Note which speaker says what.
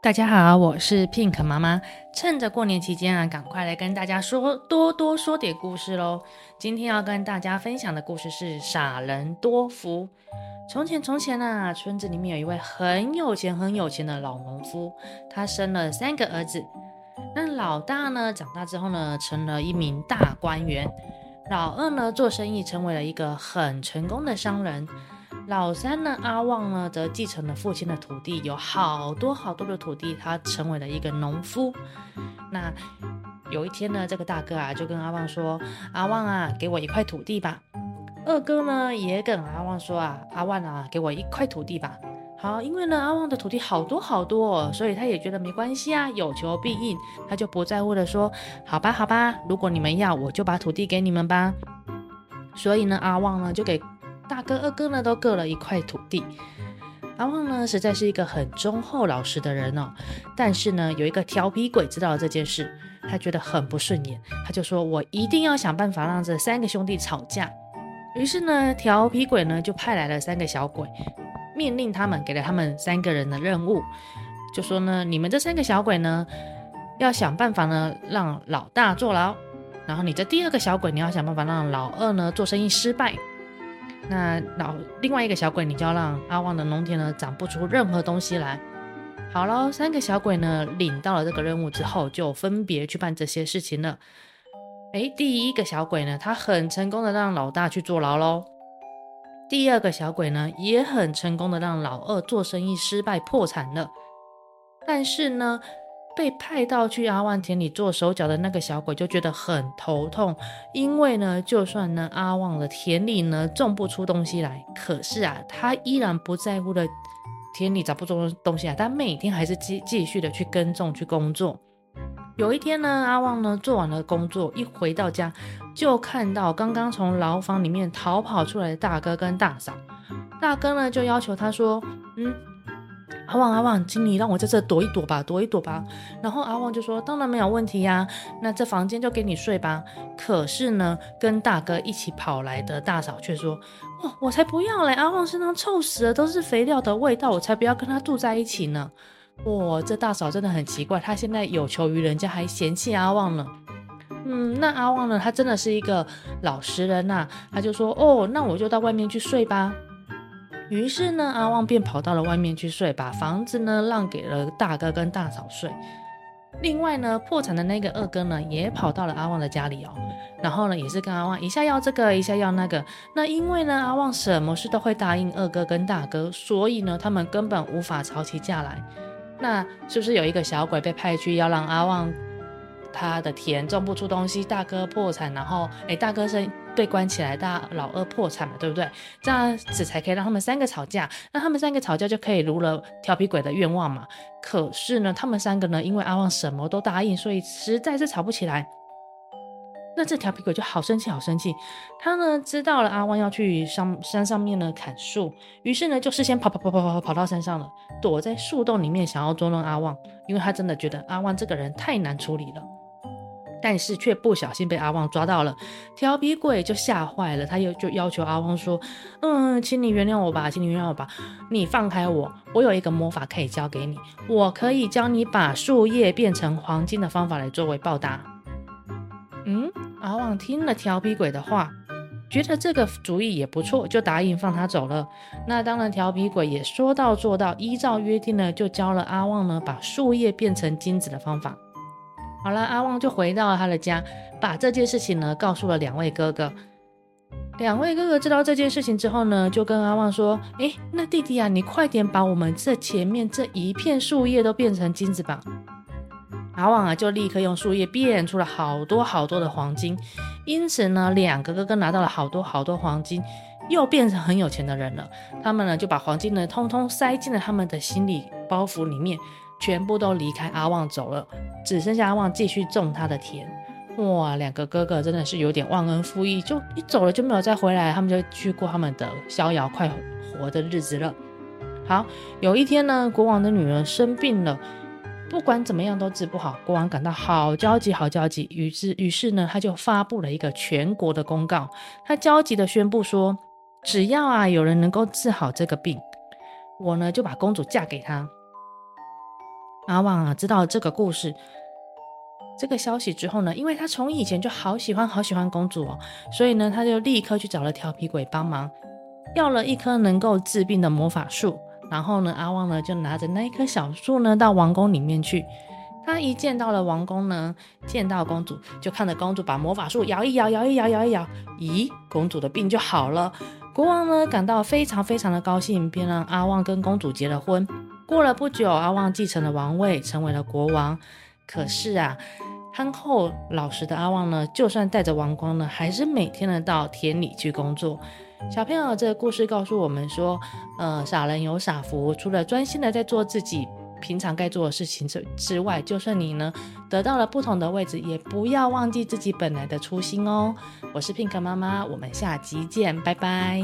Speaker 1: 大家好，我是 Pink 媽媽。趁着過年期間啊，趕快來跟大家說多多說點故事嘍。今天要跟大家分享的故事是《傻人多福》。從前，從前呢、啊，村子裡面有一位很有錢、很有錢的老農夫，他生了三個兒子。那老大呢，長大之後呢，成了一名大官員；老二呢，做生意，成為了一個很成功的商人；老三呢，阿萬呢，則繼承了父親的土地，有好多好多的土地，他成為了一個農夫。那有一天呢，這個大哥啊，就跟阿萬說：“阿萬啊，給我一塊土地吧。”二哥呢，也跟阿萬說啊，阿萬啊，給我一塊土地吧。好，因為呢，阿萬的土地好多好多哦，所以他也覺得沒關係啊，有求必應，他就不在乎的說：“好吧，好吧，如果你們要，我就把土地給你們吧。”所以呢，阿萬呢就給大哥、二哥呢都各了一塊土地。阿萬呢實在是一個很忠厚老實的人哦，但是呢，有一個調皮鬼知道了這件事，他覺得很不順眼，他就說：“我一定要想辦法讓這三個兄弟吵架。”於是呢，調皮鬼呢就派來了三個小鬼，命令他們給了他們三個人的任務，就說呢，你們這三個小鬼呢要想辦法呢讓老大坐牢，然後你這第二個小鬼，你要想辦法讓老二呢做生意失敗，那老另外一個小鬼，你就要讓阿萬的農田呢長不出任何東西來。好了，三個小鬼呢領到了這個任務之後，就分別去辦這些事情了。哎，第一個小鬼呢，他很成功的讓老大去坐牢嘍。第二個小鬼呢，也很成功的讓老二做生意失敗破產了。但是呢，被派到去阿萬田裡做手腳的那個小鬼就覺得很頭痛，因為呢，就算呢阿萬的田裡呢種不出東西來，可是啊，他依然不在乎的田裡找不出東西啊，他每天還是繼繼續的去耕種去工作。有一天呢，阿萬呢做完了工作，一回到家就看到剛剛從牢房裡面逃跑出來的大哥跟大嫂。大哥呢就要求他說：“嗯，阿萬阿萬，請你讓我在這躲一躲吧，躲一躲吧。”然後阿萬就說：“當然沒有問題呀、啊，那這房間就給你睡吧。”可是呢，跟大哥一起跑來的大嫂卻說：“哦，我才不要嘞！阿萬身上臭死了，都是肥料的味道，我才不要跟他住在一起呢。”哇、哦，這大嫂真的很奇怪，她現在有求於人家還嫌棄阿萬呢。嗯，那阿萬呢？他真的是一個老實人吶、啊。他就說：“哦，那我就到外面去睡吧。”於是呢，阿萬便跑到了外面去睡，把房子呢讓給了大哥跟大嫂睡。另外呢，破產的那個二哥呢，也跑到了阿萬的家裡哦。然後呢，也是跟阿萬一下要這個，一下要那個。那因為呢，阿萬什麼事都會答應二哥跟大哥，所以呢，他們根本無法吵起架來。那是不是有一個小鬼被派去，要讓阿萬他的田種不出東西，大哥破產，然後哎，大哥是被關起來，大老二破產了，對不對？這樣子才可以讓他們三個吵架，那他們三個吵架就可以如了調皮鬼的願望嘛。可是呢，他們三個呢，因為阿萬什麼都答應，所以實在是吵不起來。那這調皮鬼就好生氣，好生氣。他呢，知道了阿萬要去上山上面呢砍樹，於是呢就事先跑跑跑跑跑跑到山上了，躲在樹洞裡面想要捉弄阿萬，因為他真的覺得阿萬這個人太難處理了。但是卻不小心被阿萬抓到了，調皮鬼就嚇壞了，他又就要求阿萬說：“嗯，請你原諒我吧，請你原諒我吧，你放開我，我有一個魔法可以教給你，我可以教你把樹葉變成黃金的方法來作為報答。”聽了調皮鬼的話，覺得這個主意也不錯，就答應放他走了。那當然，調皮鬼也說到做到，依照約定呢，就教了阿萬呢把樹葉變成金子的方法。好了，阿萬就回到了他的家，把這件事情呢告訴了兩位哥哥。兩位哥哥知道這件事情之後呢，就跟阿萬說：“誒，那弟弟啊，你快點把我們這前面這一片樹葉都變成金子吧。”阿萬啊，就立刻用樹葉變出了好多好多的黃金。因此呢，兩個哥哥拿到了好多好多黃金，又變成很有錢的人了。他們呢就把黃金呢通通塞進了他們的行李包袱裡面，全部都離開阿萬走了，只剩下阿萬繼續種他的田。哇，兩個哥哥真的是有點忘恩負義，就一走了就沒有再回來，他們就去過他們的逍遙快活的日子了。好，有一天呢，國王的女兒生病了。不管怎麼樣都治不好，國王感到好焦急，好焦急。於是，於是呢，他就發佈了一個全國的公告。他焦急的宣布說：“只要啊有人能夠治好這個病，我呢就把公主嫁給他。”阿萬啊知道了這個故事，這個消息之後呢，因為他從以前就好喜歡，好喜歡公主哦，所以呢，他就立刻去找了調皮鬼幫忙，要了一棵能夠治病的魔法樹。然後呢，阿旺呢就拿着那一棵小樹呢到王宮裡面去。他一見到了王宮呢，見到公主，就看着公主把魔法樹搖一搖，搖一搖，搖，搖一搖。咦，公主的病就好了。國王呢感到非常非常的高興，便讓阿旺跟公主結了婚。過了不久，阿旺繼承了王位，成為了國王。可是啊，憨厚老實的阿旺呢，就算戴着王冠呢，還是每天呢到田裡去工作。小朋友，這個故事告訴我們說，呃，傻人有傻福。除了專心的在做自己平常該做的事情之之外，就算你呢得到了不同的位置，也不要忘記自己本來的初心哦。我是 Pink 媽媽，我們下集見，拜拜。